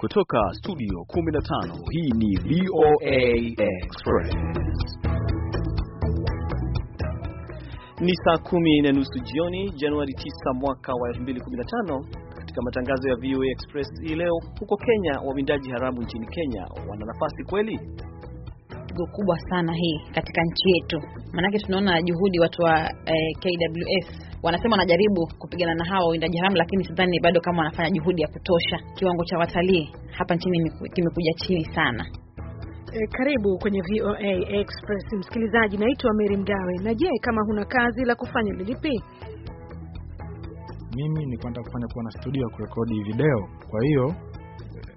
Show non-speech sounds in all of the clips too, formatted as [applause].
Kutoka studio 15 hii ni VOA Express. Ni saa kumi na nusu jioni Januari 9 mwaka wa 2015. Katika matangazo ya VOA Express hii leo, huko Kenya, wawindaji haramu nchini Kenya wana nafasi kweli? Pigo kubwa sana hii katika nchi yetu, maanake tunaona juhudi watu wa eh, KWS wanasema wanajaribu kupigana na hawa wawindaji haramu, lakini sidhani bado kama wanafanya juhudi ya kutosha. Kiwango cha watalii hapa nchini kimekuja chini sana. E, karibu kwenye VOA Express msikilizaji, naitwa Mary Mgawe. Na je, kama huna kazi la kufanya lilipi? Mimi ni kwenda kufanya kuwa na studio ya kurekodi video, kwa hiyo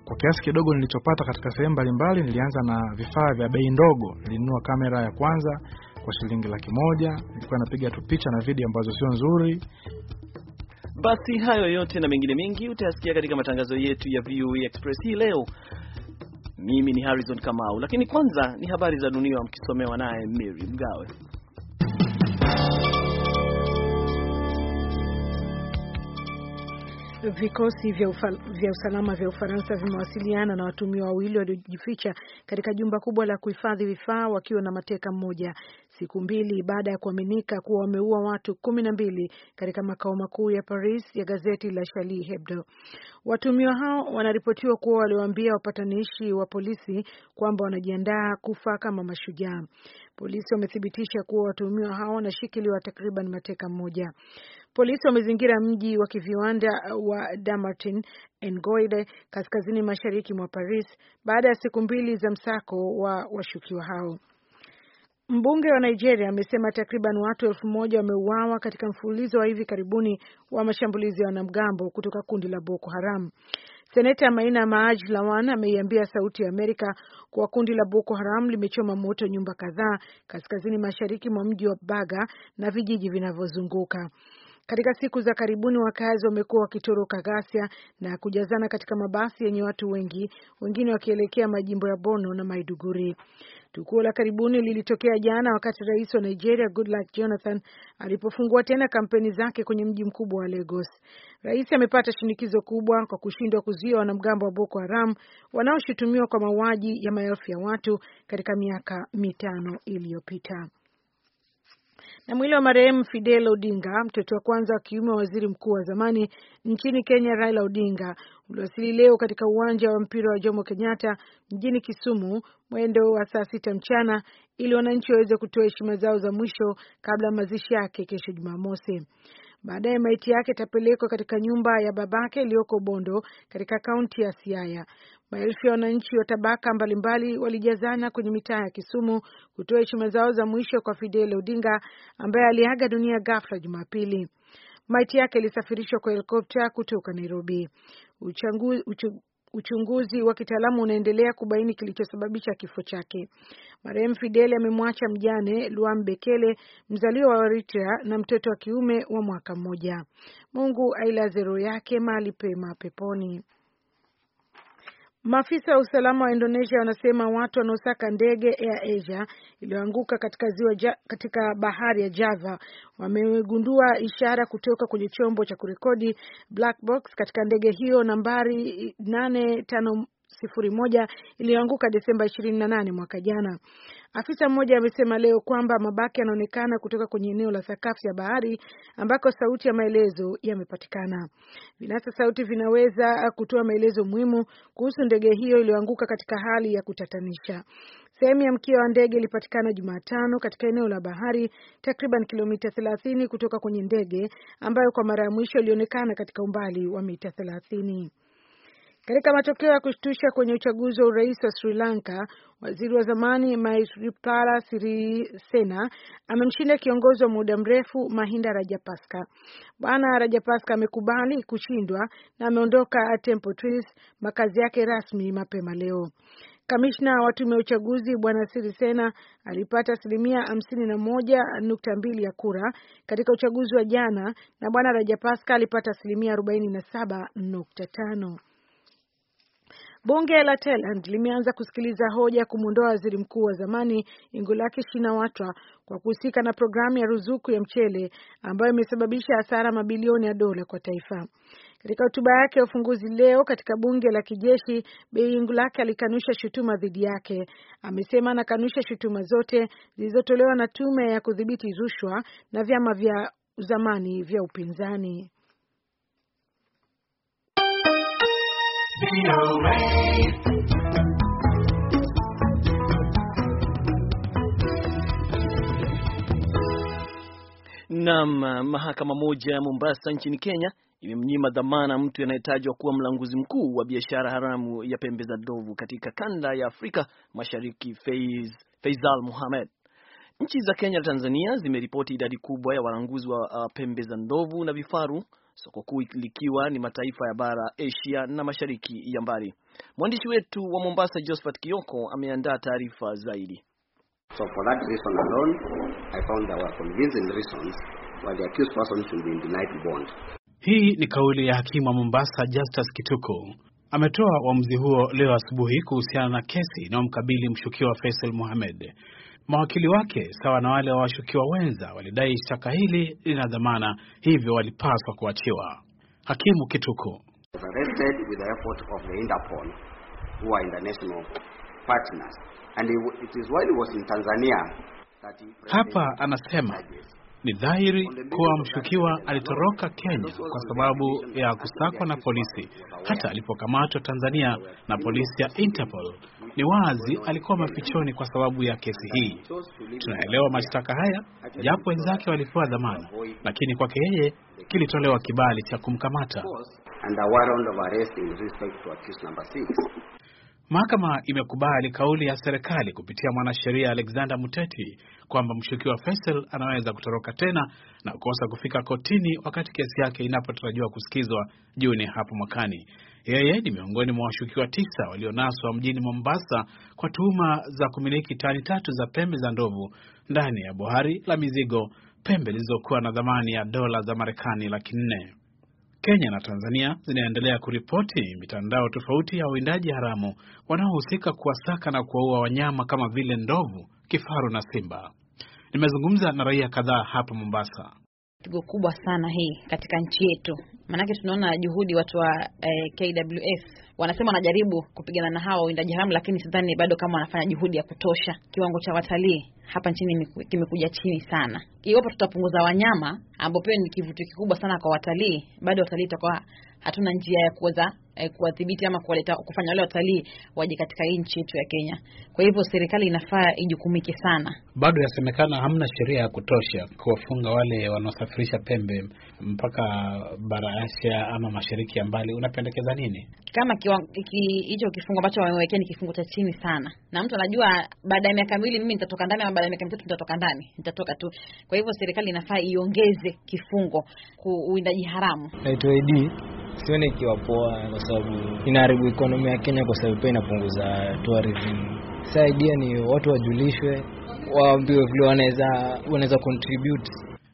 kwa kiasi kidogo nilichopata katika sehemu mbalimbali, nilianza na vifaa vya bei ndogo. Nilinunua kamera ya kwanza kwa shilingi laki moja. Nilikuwa napiga tu picha na video ambazo sio nzuri. Basi hayo yote na mengine mengi utayasikia katika matangazo yetu ya VOA Express hii leo. Mimi ni Harrison Kamau, lakini kwanza ni habari za dunia mkisomewa naye Mary Mgawe. Vikosi vya, ufal, vya usalama vya Ufaransa vimewasiliana na watumiwa wawili waliojificha katika jumba kubwa la kuhifadhi vifaa wakiwa na mateka mmoja siku mbili baada ya kuaminika kuwa wameua watu kumi na mbili katika makao makuu ya Paris ya gazeti la Charlie Hebdo. Watumiwa hao wanaripotiwa kuwa waliwaambia wapatanishi wa polisi kwamba wanajiandaa kufa kama mashujaa. Polisi wamethibitisha kuwa watumiwa hao wanashikiliwa takriban mateka mmoja. Polisi wamezingira mji wa kiviwanda wa Damartin Engoide kaskazini mashariki mwa Paris baada ya siku mbili za msako wa washukiwa hao. Mbunge wa Nigeria amesema takriban watu elfu moja wameuawa katika mfululizo wa hivi karibuni wa mashambulizi ya wanamgambo kutoka kundi la Boko Haram. Seneta Maina Maaj Lawan ameiambia Sauti ya Amerika kuwa kundi la Boko Haram limechoma moto nyumba kadhaa kaskazini mashariki mwa mji wa Baga na vijiji vinavyozunguka. Katika siku za karibuni, wakazi wamekuwa wakitoroka ghasia na kujazana katika mabasi yenye watu wengi, wengine wakielekea majimbo ya bono na Maiduguri. Tukio la karibuni lilitokea jana wakati rais wa Nigeria Goodluck Jonathan alipofungua tena kampeni zake kwenye mji mkubwa wa Lagos. Rais amepata shinikizo kubwa kwa kushindwa kuzuia wanamgambo wa Boko Haram wanaoshutumiwa kwa mauaji ya maelfu ya watu katika miaka mitano iliyopita. Na mwili wa marehemu Fidel Odinga, mtoto wa kwanza wa kiume wa waziri mkuu wa zamani nchini Kenya Raila Odinga, uliwasili leo katika uwanja wa mpira wa Jomo Kenyatta mjini Kisumu mwendo wa saa sita mchana ili wananchi waweze kutoa heshima zao za mwisho kabla ya mazishi yake kesho Jumamosi. Baadaye maiti yake itapelekwa katika nyumba ya babake iliyoko Bondo katika kaunti ya Siaya. Maelfu ya wananchi wa tabaka mbalimbali walijazana kwenye mitaa ya Kisumu kutoa heshima zao za mwisho kwa Fidel Odinga ambaye aliaga dunia ghafla Jumapili. Maiti yake ilisafirishwa kwa helikopta kutoka Nairobi. Uchangu, uchu, uchunguzi wa kitaalamu unaendelea kubaini kilichosababisha kifo chake. Marehemu Fidel amemwacha mjane Luam Bekele, mzaliwa wa Eritrea na mtoto wa kiume wa mwaka mmoja. Mungu ailaze roho yake mahali pema peponi. Maafisa wa usalama wa Indonesia wanasema watu wanaosaka ndege Air Asia iliyoanguka katika ziwa ja, katika bahari ya Java wamegundua ishara kutoka kwenye chombo cha kurekodi black box katika ndege hiyo nambari 8501 iliyoanguka Desemba 28 mwaka jana. Afisa mmoja amesema leo kwamba mabaki yanaonekana kutoka kwenye eneo la sakafu ya bahari ambako sauti ya maelezo yamepatikana. Vinasa sauti vinaweza kutoa maelezo muhimu kuhusu ndege hiyo iliyoanguka katika hali ya kutatanisha. Sehemu ya mkia wa ndege ilipatikana Jumatano katika eneo la bahari takriban kilomita 30 kutoka kwenye ndege ambayo kwa mara ya mwisho ilionekana katika umbali wa mita 30. Katika matokeo ya kushtusha kwenye uchaguzi wa urais wa Sri Lanka, waziri wa zamani Maithripala Sirisena amemshinda kiongozi wa muda mrefu Mahinda Rajapaksa. Bwana Rajapaksa amekubali kushindwa na ameondoka Temple Twins, makazi yake rasmi, mapema leo. Kamishna wa tume ya uchaguzi Bwana Sirisena alipata asilimia hamsini na moja nukta mbili ya kura katika uchaguzi wa jana na Bwana Rajapaksa alipata asilimia arobaini na saba nukta tano. Bunge la Thailand limeanza kusikiliza hoja ya kumwondoa waziri mkuu wa zamani ingulaki Shinawatra kwa kuhusika na programu ya ruzuku ya mchele ambayo imesababisha hasara mabilioni ya dola kwa taifa. Katika hotuba yake ya ufunguzi leo katika bunge la kijeshi, Beingulake alikanusha shutuma dhidi yake. Amesema anakanusha shutuma zote zilizotolewa na tume ya kudhibiti rushwa na vyama vya zamani vya upinzani. Naam, uh, mahakama moja ya Mombasa nchini Kenya imemnyima dhamana mtu anayetajwa kuwa mlanguzi mkuu wa biashara haramu ya pembe za ndovu katika kanda ya Afrika Mashariki, Faiz, Faisal muhamed Nchi za Kenya na Tanzania zimeripoti idadi kubwa ya walanguzi wa uh, pembe za ndovu na vifaru soko kuu likiwa ni mataifa ya bara Asia na mashariki ya mbali. Mwandishi wetu wa Mombasa, Josephat Kioko, ameandaa taarifa zaidi. So for that reason alone, I found there were convincing reasons why the accused person should be denied bond. Hii ni kauli ya hakimu wa Mombasa Justus Kituku. Ametoa uamuzi huo leo asubuhi kuhusiana na kesi inayomkabili mshukiwa Faisal Mohamed Mawakili wake sawa na wale wa washukiwa wenza walidai shtaka hili lina dhamana, hivyo walipaswa kuachiwa. Hakimu Kituku hapa anasema ni dhahiri kuwa mshukiwa alitoroka Kenya kwa sababu ya kusakwa na polisi. Hata alipokamatwa Tanzania na polisi ya Interpol, ni wazi alikuwa mafichoni kwa sababu ya kesi hii. Tunaelewa mashtaka haya, japo wenzake walipewa dhamana, lakini kwake yeye kilitolewa kibali cha kumkamata. Mahakama imekubali kauli ya serikali kupitia mwanasheria Alexander Muteti kwamba mshukiwa fesel anaweza kutoroka tena na kukosa kufika kotini wakati kesi yake inapotarajiwa kusikizwa Juni hapo mwakani. Yeye ni miongoni mwa washukiwa tisa walionaswa mjini Mombasa kwa tuhuma za kumiliki tani tatu za pembe za ndovu ndani ya bohari la mizigo, pembe zilizokuwa na thamani ya dola za Marekani laki nne. Kenya na Tanzania zinaendelea kuripoti mitandao tofauti ya wawindaji haramu wanaohusika kuwasaka na kuwaua wanyama kama vile ndovu, kifaru na simba. Nimezungumza na raia kadhaa hapa Mombasa. Pigo kubwa sana hii katika nchi yetu, maanake tunaona juhudi watu wa eh, KWS wanasema wanajaribu kupigana na hawa wawindaji haramu, lakini sidhani bado kama wanafanya juhudi ya kutosha. Kiwango cha watalii hapa nchini kimekuja chini sana. Iwapo tutapunguza wanyama, ambao pia ni kivutio kikubwa sana kwa watalii, bado watalii tutakuwa hatuna njia ya kuweza eh, kuwadhibiti ama kuwaleta kufanya wale watalii waje katika hii nchi yetu ya Kenya. Kwa hivyo serikali inafaa ijukumike sana. Bado yasemekana hamna sheria ya kutosha kuwafunga wale wanaosafirisha pembe mpaka bara Asia ama mashariki ya mbali. Unapendekeza nini? Kama hicho ki, kifungo ambacho wamewekea ni kifungo cha chini sana, na mtu anajua baada ya miaka miwili mimi nitatoka ndani ya miaka mitatu nitatoka ndani, nitatoka tu. Kwa hivyo serikali inafaa iongeze kifungo uwindaji haramu. Naitwa Edi. Sioni ikiwa poa, kwa sababu inaharibu ikonomi ya Kenya, kwa sababu pia inapunguza tourism. Saa idea ni watu wajulishwe, waambiwe vile wanaweza wanaweza contribute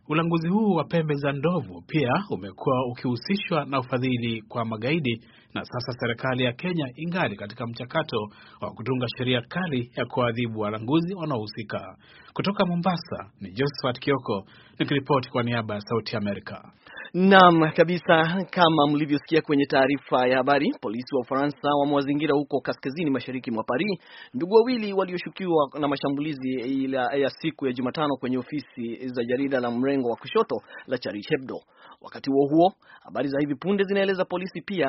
Ulanguzi huu wa pembe za ndovu pia umekuwa ukihusishwa na ufadhili kwa magaidi, na sasa serikali ya Kenya ingali katika mchakato wa kutunga sheria kali ya kuadhibu walanguzi wanaohusika. Kutoka Mombasa ni Josephat Kioko nikiripoti kwa niaba ya Sauti Amerika. Naam kabisa, kama mlivyosikia kwenye taarifa ya habari, polisi wa Ufaransa wamewazingira huko kaskazini mashariki mwa Paris ndugu wawili walioshukiwa na mashambulizi ya siku ya Jumatano kwenye ofisi za jarida la mrengo wa kushoto la Charlie Hebdo. Wakati huo huo, habari za hivi punde zinaeleza polisi pia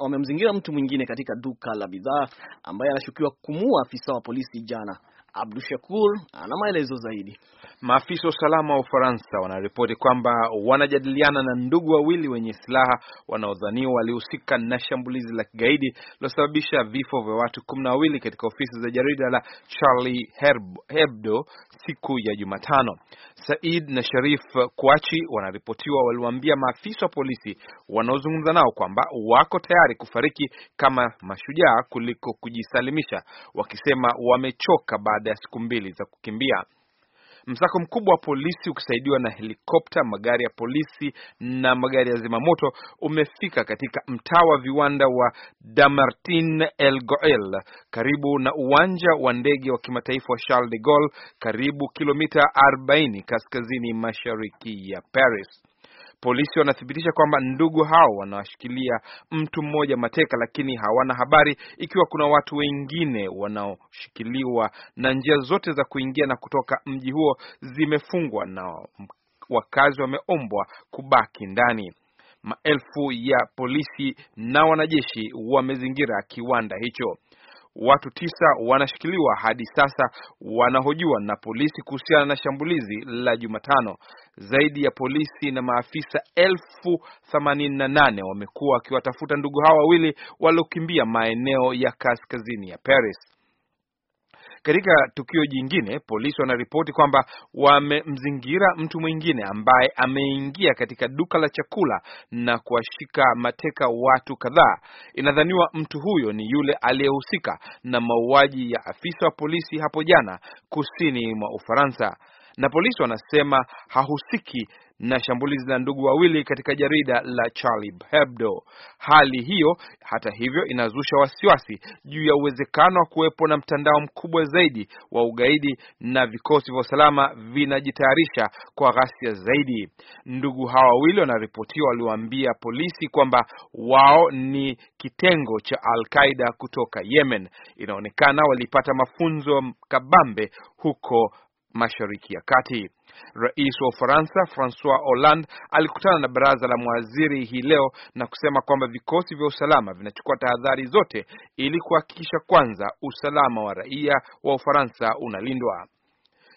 wamemzingira mtu mwingine katika duka la bidhaa ambaye anashukiwa kumua afisa wa polisi jana. Abdu Shakur ana maelezo zaidi. Maafisa wa usalama wa Ufaransa wanaripoti kwamba wanajadiliana na ndugu wawili wenye silaha wanaodhaniwa walihusika na shambulizi la kigaidi lilosababisha vifo vya watu kumi na wawili katika ofisi za jarida la Charlie Hebdo siku ya Jumatano. Said na Sharif Kuachi wanaripotiwa waliwaambia maafisa wa polisi wanaozungumza nao kwamba wako tayari kufariki kama mashujaa kuliko kujisalimisha, wakisema wamechoka baada baada ya siku mbili za kukimbia. Msako mkubwa wa polisi ukisaidiwa na helikopta, magari ya polisi na magari ya zimamoto umefika katika mtaa wa viwanda wa Damartin El Goel karibu na uwanja wa ndege wa kimataifa wa Charles de Gaulle, karibu kilomita 40 kaskazini mashariki ya Paris. Polisi wanathibitisha kwamba ndugu hao wanawashikilia mtu mmoja mateka, lakini hawana habari ikiwa kuna watu wengine wanaoshikiliwa, na njia zote za kuingia na kutoka mji huo zimefungwa na wakazi wameombwa kubaki ndani. Maelfu ya polisi na wanajeshi wamezingira kiwanda hicho watu tisa wanashikiliwa hadi sasa, wanahojiwa na polisi kuhusiana na shambulizi la Jumatano. Zaidi ya polisi na maafisa elfu themanini na nane wamekuwa wakiwatafuta ndugu hao wawili waliokimbia maeneo ya kaskazini ya Paris. Katika tukio jingine, polisi wanaripoti kwamba wamemzingira mtu mwingine ambaye ameingia katika duka la chakula na kuwashika mateka watu kadhaa. Inadhaniwa mtu huyo ni yule aliyehusika na mauaji ya afisa wa polisi hapo jana kusini mwa Ufaransa na polisi wanasema hahusiki na shambulizi la ndugu wawili katika jarida la Charlie Hebdo. Hali hiyo hata hivyo inazusha wasiwasi juu ya uwezekano wa kuwepo na mtandao mkubwa zaidi wa ugaidi na vikosi vya usalama vinajitayarisha kwa ghasia zaidi. Ndugu hawa wawili wanaripotiwa waliwaambia polisi kwamba wao ni kitengo cha Al-Qaida kutoka Yemen. Inaonekana walipata mafunzo kabambe huko Mashariki ya Kati. Rais wa Ufaransa Francois Hollande alikutana na baraza la mawaziri hii leo na kusema kwamba vikosi vya usalama vinachukua tahadhari zote ili kuhakikisha kwanza usalama wa raia wa Ufaransa unalindwa.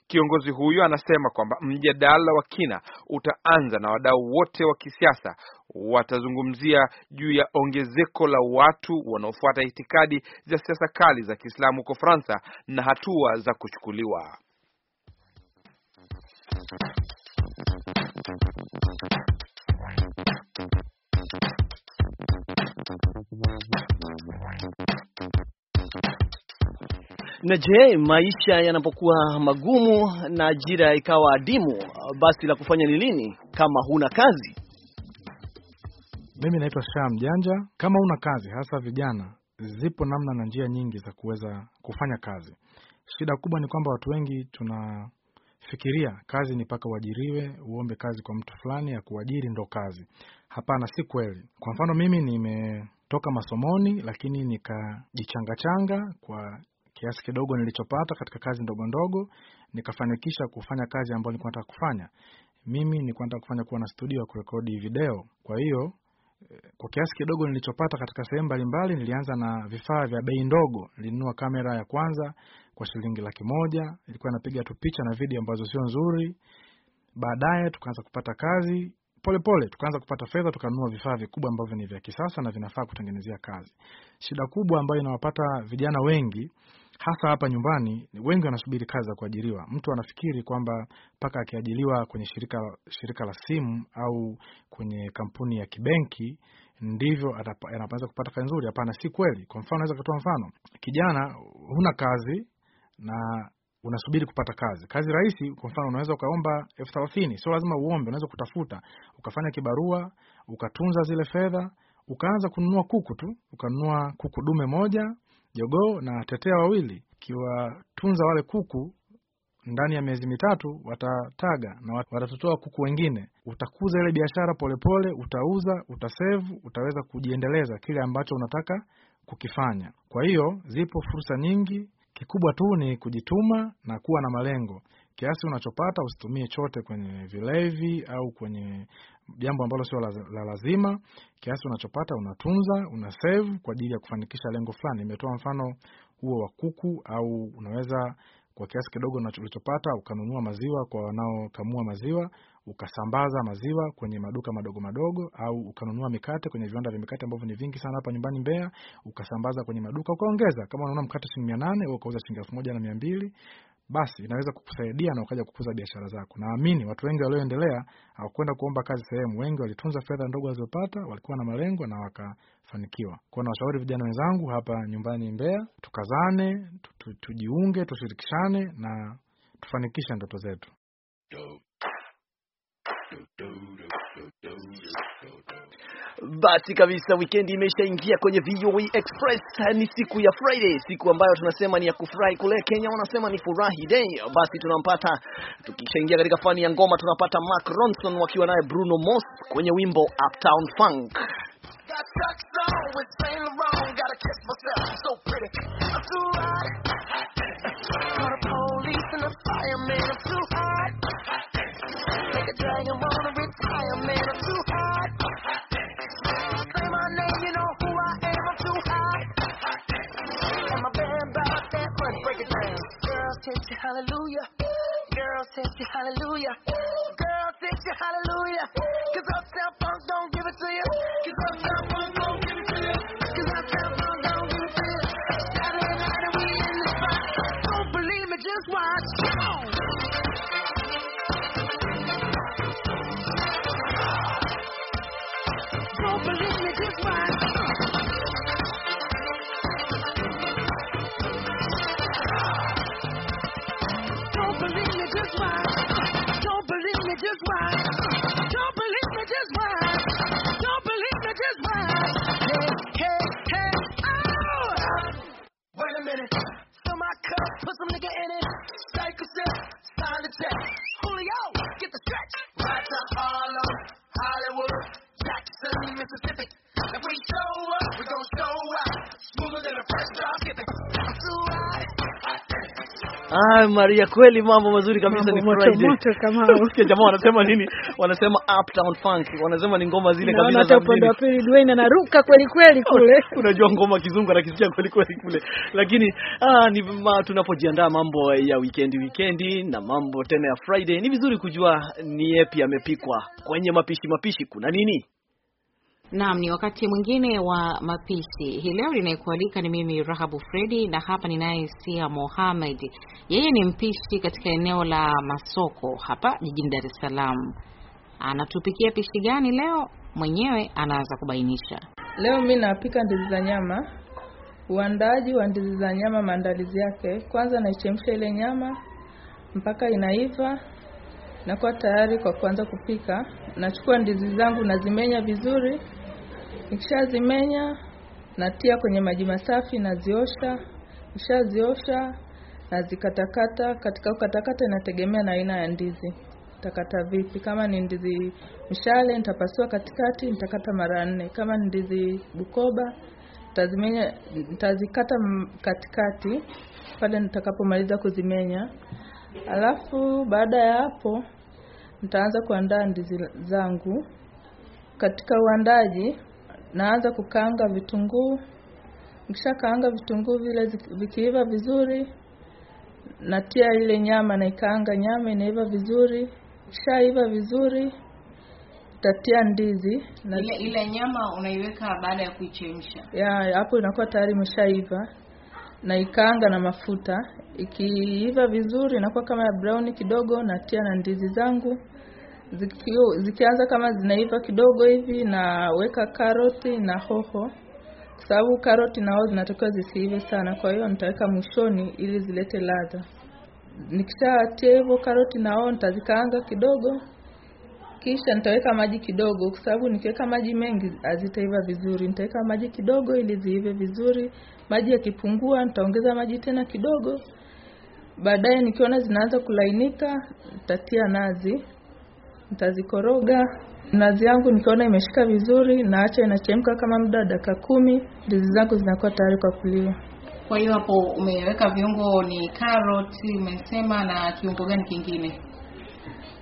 Kiongozi huyo anasema kwamba mjadala wa kina utaanza na wadau wote wa kisiasa watazungumzia juu ya ongezeko la watu wanaofuata itikadi za siasa kali za Kiislamu huko fransa na hatua za kuchukuliwa. Na je, maisha yanapokuwa magumu na ajira ikawa adimu, basi la kufanya ni lini kama huna kazi? Mimi naitwa Sham Janja. Kama huna kazi, hasa vijana, zipo namna na njia nyingi za kuweza kufanya kazi. Shida kubwa ni kwamba watu wengi tuna Fikiria kazi ni paka uajiriwe, uombe kazi kwa mtu fulani ya kuajiri ndo kazi. Hapana, si kweli. Kwa mfano mimi nimetoka masomoni, lakini nikajichangachanga kwa kiasi kidogo nilichopata katika kazi ndogo ndogo, nikafanikisha kufanya kazi ambayo nilikuwa nataka kufanya. Mimi nilikuwa nataka kufanya kuwa na studio ya kurekodi video, kwa hiyo kwa kiasi kidogo nilichopata katika sehemu mbalimbali, nilianza na vifaa vya bei ndogo. Nilinunua kamera ya kwanza kwa shilingi laki moja. Ilikuwa inapiga tu picha na video ambazo sio nzuri. Baadaye tukaanza kupata kazi polepole pole, tukaanza kupata fedha, tukanunua vifaa vikubwa ambavyo ni vya kisasa na vinafaa kutengenezea kazi. Shida kubwa ambayo inawapata vijana wengi hasa hapa nyumbani wengi wanasubiri kazi za kuajiriwa. Mtu anafikiri kwamba mpaka akiajiliwa kwenye shirika, shirika la simu au kwenye kampuni ya kibenki ndivyo anapaweza kupata kazi nzuri. Hapana, si kweli. Kwa mfano, naweza kutoa mfano, kijana, huna kazi na unasubiri kupata kazi. Kazi rahisi, kwa mfano, unaweza ukaomba elfu thelathini. Sio lazima uombe, unaweza kutafuta, ukafanya kibarua, ukatunza zile fedha ukaanza kununua kuku tu, ukanunua kuku dume moja, jogoo na tetea wawili. kiwatunza wale kuku ndani ya miezi mitatu watataga na watatotoa kuku wengine. Utakuza ile biashara polepole, utauza, utasevu, utaweza kujiendeleza kile ambacho unataka kukifanya. Kwa hiyo zipo fursa nyingi, kikubwa tu ni kujituma na kuwa na malengo. Kiasi unachopata usitumie chote kwenye vilevi au kwenye jambo ambalo sio la lazima. Kiasi unachopata unatunza, una save kwa ajili ya kufanikisha lengo fulani. Imetoa mfano huo wa kuku, au unaweza kwa kiasi kidogo unachopata ukanunua maziwa kwa wanaokamua maziwa, ukasambaza maziwa kwenye maduka madogo madogo, au ukanunua mikate kwenye viwanda vya mikate ambavyo ni vingi sana hapa nyumbani Mbeya, ukasambaza kwenye maduka, ukaongeza. Kama unaona mkate shilingi mia nane ukauza shilingi elfu moja na mia mbili basi inaweza kukusaidia na ukaja kukuza biashara zako. Naamini watu wengi walioendelea hawakwenda kuomba kazi sehemu, wengi walitunza fedha ndogo walizopata, walikuwa na malengo na wakafanikiwa. Kwa na washauri vijana wenzangu hapa nyumbani Mbeya, tukazane, tujiunge, tushirikishane na tufanikishe ndoto zetu. Basi kabisa wikendi imeshaingia kwenye VOA e Express. Ni siku ya Friday, siku ambayo tunasema ni ya kufurahi. Kule Kenya wanasema ni furahi day. Basi tunampata, tukishaingia katika fani ya ngoma tunapata Mark Ronson wakiwa naye Bruno Mars kwenye wimbo Uptown Funk. hallelujah. Girl, text you hallelujah. Girl, text you hallelujah. Cause Uptown Funk don't give it to you. Cause Uptown Funk don't give it to you. Cause Uptown Funk don't give it to you. Saturday night and we in the spot. Don't believe me, just watch. Come on. Don't believe me, just watch. Ah, Maria kweli mambo mazuri kabisa ni Friday. Moto kama usikie [laughs] jamaa wanasema nini? Wanasema uptown funk. Wanasema ni ngoma zile kabisa za mjini. Upande wa pili Dwayne anaruka kweli kweli [laughs] kule. Unajua ngoma kizungu anakisikia kweli kweli kule. Lakini ah, ni tunapojiandaa mambo ya weekend weekend na mambo tena ya Friday, ni vizuri kujua ni yapi yamepikwa kwenye mapishi mapishi kuna nini? Naam, ni wakati mwingine wa mapishi. Hii leo ninayekualika ni mimi Rahabu Fredi, na hapa ninaye Sia Mohamed. Yeye ni mpishi katika eneo la masoko hapa jijini Dar es Salaam. Anatupikia pishi gani leo? Mwenyewe anaanza kubainisha. Leo mi napika ndizi za nyama. Uandaaji wa ndizi za nyama, maandalizi yake, kwanza naichemsha ile nyama mpaka inaiva nakuwa tayari kwa kuanza kupika. Nachukua ndizi zangu nazimenya vizuri nikishazimenya natia kwenye maji masafi naziosha nikishaziosha nazikatakata katika kukatakata inategemea na aina ya ndizi takata vipi kama ni ndizi mshale nitapasua katikati nitakata mara nne kama ni ndizi bukoba tazimenya nitazikata katikati pale nitakapomaliza kuzimenya alafu baada ya hapo nitaanza kuandaa ndizi zangu katika uandaji naanza kukaanga vitunguu. Nikishakaanga vitunguu vile vikiiva vizuri, natia ile nyama, naikaanga nyama inaiva vizuri. Ikishaiva vizuri, tatia ndizi na ile, ile nyama unaiweka baada ya kuichemsha. Ya hapo inakuwa tayari imeshaiva, naikaanga na mafuta. Ikiiva vizuri inakuwa kama ya brown kidogo, natia na ndizi zangu zikianza kama zinaiva kidogo hivi, naweka karoti na hoho, kwa sababu karoti na hoho zinatakiwa zisiive sana, kwa hiyo nitaweka mwishoni ili zilete ladha. Nikishatia hivyo karoti na hoho nitazikaanga kidogo, kisha nitaweka maji kidogo, kwa sababu nikiweka maji mengi hazitaiva vizuri. Nitaweka maji kidogo ili ziive vizuri. Maji yakipungua, nitaongeza maji tena kidogo. Baadaye nikiona zinaanza kulainika, nitatia nazi Nitazikoroga nazi yangu, nikiona imeshika vizuri, naacha inachemka kama muda wa dakika kumi, ndizi zangu zinakuwa tayari kwa kuliwa. Kwa hiyo hapo umeweka viungo, ni karoti umesema, na kiungo gani kingine?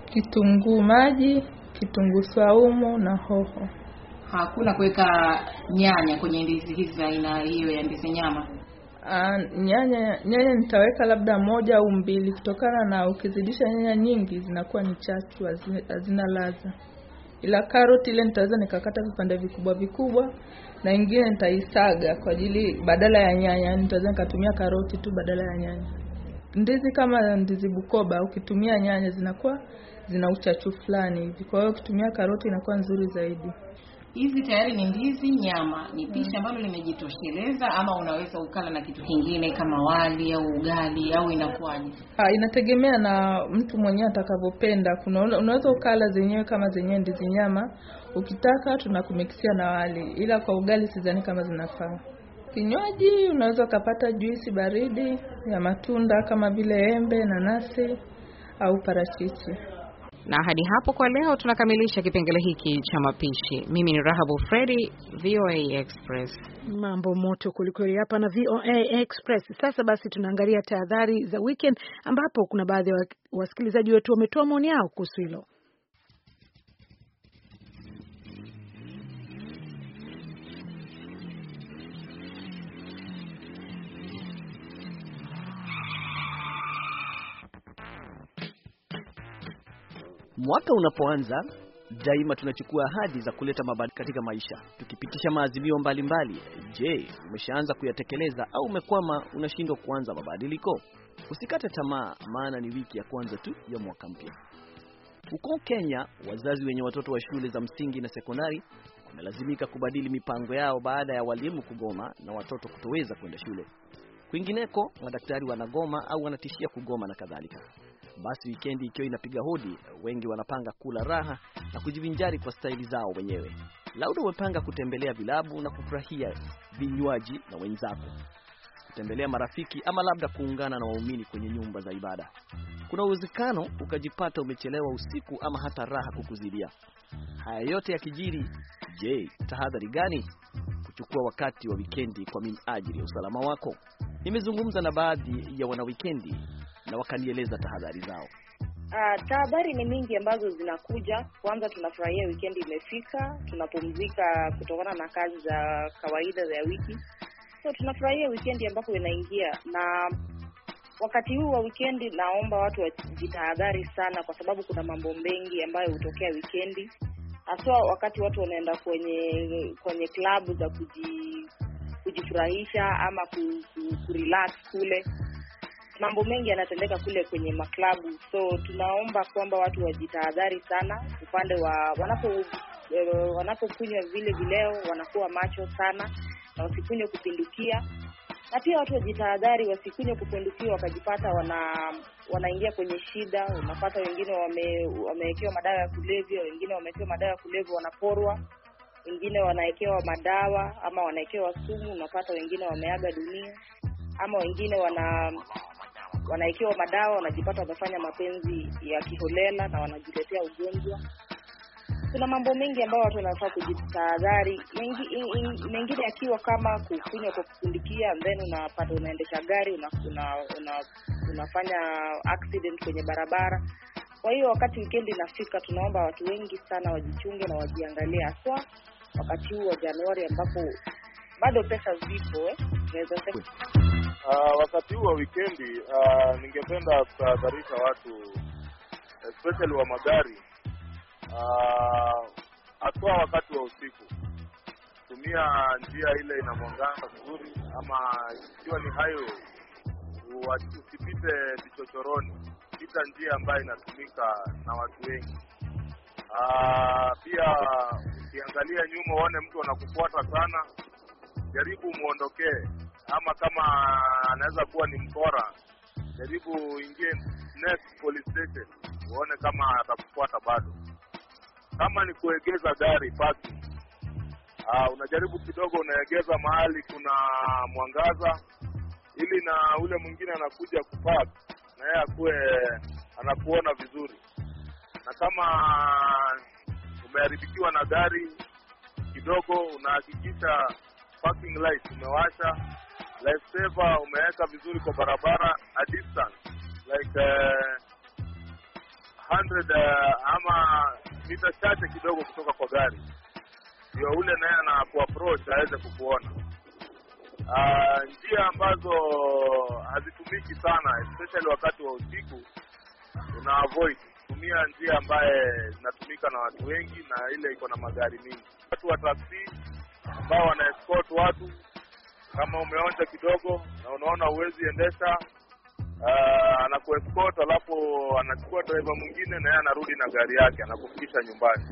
Kitunguu maji, kitunguu saumu na hoho. Hakuna kuweka nyanya kwenye ndizi hizi za aina hiyo ya ndizi nyama? Ah, nyanya nyanya nitaweka labda moja au mbili, kutokana na ukizidisha nyanya nyingi zinakuwa ni chachu, hazina ladha. Ila karoti ile nitaweza nikakata vipande vikubwa vikubwa, na ingine nitaisaga kwa ajili badala ya nyanya, nitaweza nikatumia karoti tu badala ya nyanya. Ndizi kama ndizi Bukoba, ukitumia nyanya zinakuwa zina uchachu fulani hivi, kwa hiyo ukitumia karoti inakuwa nzuri zaidi hizi tayari ni ndizi nyama, ni mm. pishi ambalo limejitosheleza, ama unaweza ukala na kitu kingine kama wali au ugali au inakuwaje? Ah, inategemea na mtu mwenyewe atakavyopenda. Kuna unaweza ukala zenyewe kama zenyewe ndizi nyama, ukitaka tunakumikisia na wali, ila kwa ugali sidhani kama zinafaa. Kinywaji unaweza ukapata juisi baridi ya matunda kama vile embe, nanasi au parachichi na hadi hapo kwa leo tunakamilisha kipengele hiki cha mapishi. Mimi ni Rahabu Fredi, VOA Express. Mambo moto kwelikweli hapa na VOA Express. Sasa basi, tunaangalia tahadhari za weekend, ambapo kuna baadhi ya wa wasikilizaji wetu wametoa maoni yao kuhusu hilo. Mwaka unapoanza daima tunachukua ahadi za kuleta mabadiliko katika maisha, tukipitisha maazimio mbalimbali. Je, umeshaanza kuyatekeleza au umekwama, unashindwa kuanza mabadiliko? Usikate tamaa, maana ni wiki ya kwanza tu ya mwaka mpya. Huko Kenya, wazazi wenye watoto wa shule za msingi na sekondari wamelazimika kubadili mipango yao baada ya walimu kugoma na watoto kutoweza kwenda shule. Kwingineko, madaktari wanagoma au wanatishia kugoma na kadhalika basi wikendi ikiwa inapiga hodi, wengi wanapanga kula raha na kujivinjari kwa staili zao wenyewe. Labda umepanga kutembelea vilabu na kufurahia vinywaji na wenzako, kutembelea marafiki, ama labda kuungana na waumini kwenye nyumba za ibada. Kuna uwezekano ukajipata umechelewa usiku ama hata raha kukuzidia. Haya yote yakijiri, je, tahadhari gani kuchukua wakati wa wikendi kwa minajili ya usalama wako? Nimezungumza na baadhi ya wanawikendi na wakanieleza tahadhari zao. Uh, tahadhari ni mingi ambazo zinakuja. Kwanza tunafurahia wikendi imefika, tunapumzika kutokana na kazi za kawaida za wiki, so tunafurahia wikendi ambapo inaingia na wakati huu wa wikendi, naomba watu wajitahadhari sana, kwa sababu kuna mambo mengi ambayo hutokea wikendi, haswa wakati watu wanaenda kwenye kwenye klabu za kuji, kujifurahisha ama kurelax kule mambo mengi yanatendeka kule kwenye maklabu, so tunaomba kwamba watu wajitahadhari sana upande wa wanapo uh, wanapokunywa vile vileo, wanakuwa macho sana na wasikunywe kupindukia, na pia watu wajitahadhari wasikunywe kupindukia, wakajipata wana wanaingia kwenye shida. Unapata wengine wame, wamewekewa madawa ya kulevya, wengine wamewekewa madawa ya kulevya wanaporwa wengine wanawekewa madawa ama wanawekewa sumu. Unapata wengine wameaga dunia ama wengine wana wanaekewa madawa, wanajipata wamefanya mapenzi ya kiholela na wanajiletea ugonjwa. Kuna mambo mengi ambayo watu wanafaa kujitahadhari, mengine yakiwa kama kukunywa kwa kukundikia, then unapata unaendesha gari una, una, una, unafanya accident kwenye barabara. Kwa hiyo wakati wikendi inafika, tunaomba watu wengi sana wajichunge na wajiangalie, haswa wakati huu wa Januari ambapo bado pesa zipo eh? Uh, wakati huu wa wikendi uh, ningependa kutahadharisha watu especially wa magari ah, haswa uh, wakati wa usiku. Tumia njia ile ina mwangaza mzuri, ama ikiwa ni hayo usipite vichochoroni, pita njia ambayo inatumika na watu wengi. Uh, pia ukiangalia nyuma uone mtu anakufuata sana, jaribu muondokee ama kama anaweza kuwa ni mkora, jaribu ingie next police station uone kama atakufuata bado. Kama ni kuegeza gari paki, ah, unajaribu kidogo, unaegeza mahali kuna mwangaza, ili na ule mwingine anakuja kupark na yeye akuwe anakuona vizuri. Na kama umeharibikiwa na gari kidogo, unahakikisha parking light umewasha lifesaver umeweka vizuri kwa barabara a distance like uh, 100 uh, ama mita chache kidogo kutoka kwa gari, ndio ule naye ana anakuapproach aweze kukuona. Uh, njia ambazo hazitumiki sana especially wakati wa usiku una avoid tumia njia ambaye zinatumika na watu wengi na ile iko na magari mingi. Watu wa taksi ambao wana escort watu kama umeonja kidogo na unaona huwezi endesha, uh, ah, anakuescort, alafu anachukua driver mwingine na yeye anarudi na gari yake anakufikisha nyumbani.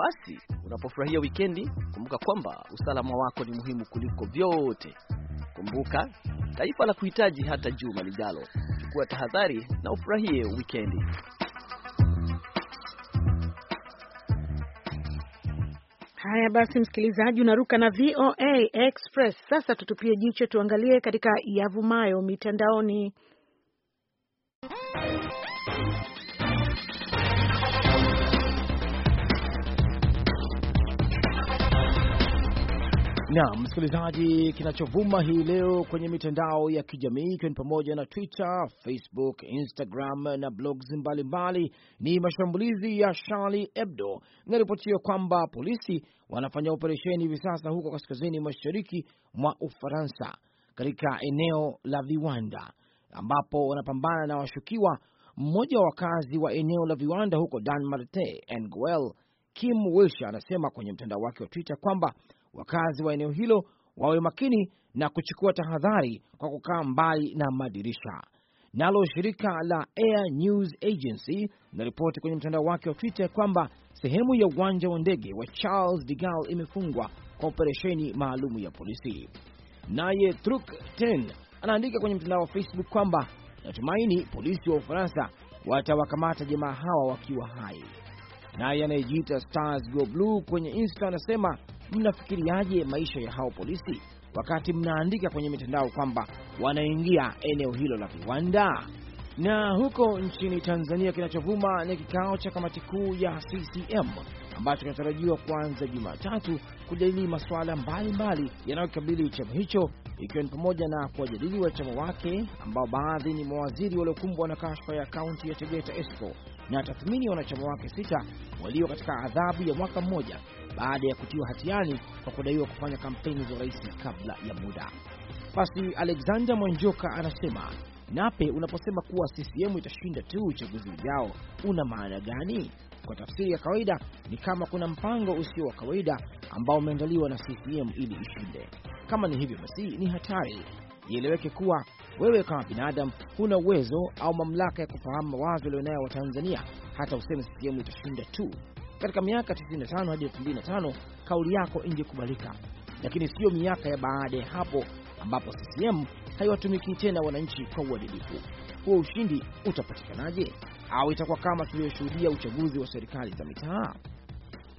Basi unapofurahia wikendi, kumbuka kwamba usalama wako ni muhimu kuliko vyote. Kumbuka taifa la kuhitaji hata juma lijalo. Chukua tahadhari na ufurahie wikendi. Haya basi, msikilizaji, unaruka na VOA Express. Sasa tutupie jicho, tuangalie katika yavumayo mitandaoni na msikilizaji, kinachovuma hii leo kwenye mitandao ya kijamii ikiwa ni pamoja na Twitter, Facebook, Instagram na blogs mbalimbali ni mashambulizi ya Charlie Hebdo. Inaripotiwa kwamba polisi wanafanya operesheni hivi sasa huko kaskazini mashariki mwa Ufaransa, katika eneo la viwanda ambapo wanapambana na washukiwa. Mmoja wa wakazi wa eneo la viwanda huko Dan Marte Nguel, Kim Wilsh anasema kwenye mtandao wake wa Twitter kwamba wakazi wa eneo hilo wawe makini na kuchukua tahadhari kwa kukaa mbali na madirisha. Nalo shirika la Air News Agency linaripoti kwenye mtandao wake wa Twitter kwamba sehemu ya uwanja wa ndege wa Charles de Gaulle imefungwa kwa operesheni maalumu ya polisi. Naye Truk Ten anaandika kwenye mtandao wa Facebook kwamba natumaini polisi wa Ufaransa watawakamata jamaa hawa wakiwa hai. Naye anayejiita Stars Go Blue kwenye Insta anasema mnafikiriaje maisha ya hao polisi wakati mnaandika kwenye mitandao kwamba wanaingia eneo hilo la viwanda? Na huko nchini Tanzania, kinachovuma ni kikao cha kamati kuu ya CCM ambacho kinatarajiwa kuanza Jumatatu kujadili masuala mbalimbali yanayokabili chama hicho, ikiwa ni pamoja na kuwajadili wachama wake ambao baadhi ni mawaziri waliokumbwa na kashfa ya kaunti ya Tegeta Esco na tathmini ya wanachama wake sita walio katika adhabu ya mwaka mmoja baada ya kutiwa hatiani kwa kudaiwa kufanya kampeni za urais kabla ya muda. Basi Alexander Mwanjoka anasema Nape, unaposema kuwa CCM itashinda tu uchaguzi ujao una maana gani? Kwa tafsiri ya kawaida ni kama kuna mpango usio wa kawaida ambao umeandaliwa na CCM ili ishinde. Kama ni hivyo, basi ni hatari ieleweke kuwa wewe kama binadamu huna uwezo au mamlaka ya kufahamu mawazo yaliyonayo wa Tanzania, hata useme CCM itashinda tu. Katika miaka 95 hadi 2005 kauli yako ingekubalika, lakini siyo miaka ya baada ya hapo ambapo CCM haiwatumikii tena wananchi kwa uadilifu. Huo ushindi utapatikanaje? Au itakuwa kama tuliyoshuhudia uchaguzi wa serikali za mitaa?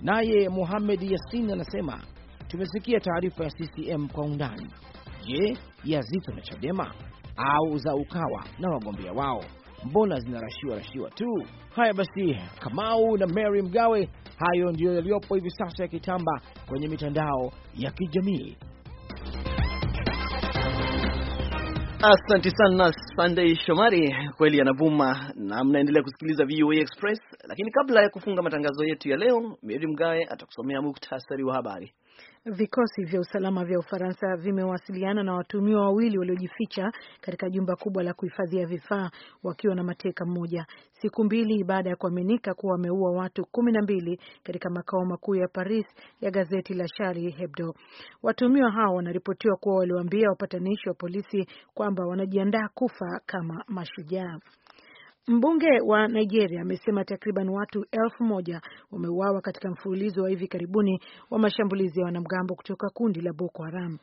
Naye muhamed Yasin anasema tumesikia taarifa ya CCM kwa undani Je, ya Zito na Chadema au za Ukawa na wagombea wao? Mbona zinarashiwa rashiwa tu? Haya basi, Kamau na Mary Mgawe, hayo ndiyo yaliyopo hivi sasa yakitamba kwenye mitandao ya kijamii. Asante sana Sunday Shomari, kweli yanavuma, na mnaendelea kusikiliza VOA Express. Lakini kabla ya kufunga matangazo yetu ya leo, Mary Mgawe atakusomea muktasari wa habari. Vikosi vya usalama vya Ufaransa vimewasiliana na watumiwa wawili waliojificha katika jumba kubwa la kuhifadhia vifaa wakiwa na mateka mmoja, siku mbili baada ya kuaminika kuwa wameua watu kumi na mbili katika makao makuu ya Paris ya gazeti la Charlie Hebdo. watumiwa hao wanaripotiwa kuwa waliwaambia wapatanishi wa polisi kwamba wanajiandaa kufa kama mashujaa. Mbunge wa Nigeria amesema takriban watu elfu moja wameuawa katika mfululizo wa hivi karibuni wa mashambulizi ya wanamgambo kutoka kundi la Boko Haram.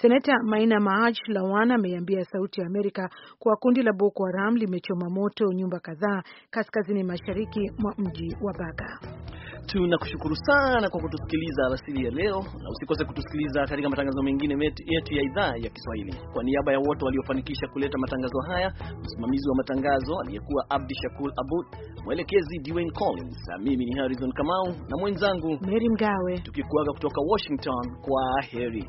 Seneta Maina Maaj Lawana ameiambia Sauti ya Amerika kuwa kundi la Boko Haram limechoma moto nyumba kadhaa kaskazini mashariki mwa mji wa Baga tunakushukuru sana kwa kutusikiliza alasiri ya leo, na usikose kutusikiliza katika matangazo mengine yetu ya idhaa ya Kiswahili. Kwa niaba ya wote waliofanikisha kuleta matangazo haya, msimamizi wa matangazo aliyekuwa Abdi Shakur Abud, mwelekezi Dwayne Collins, na mimi ni Harrison Kamau na mwenzangu mary Mgawe, tukikuaga kutoka Washington. Kwa heri.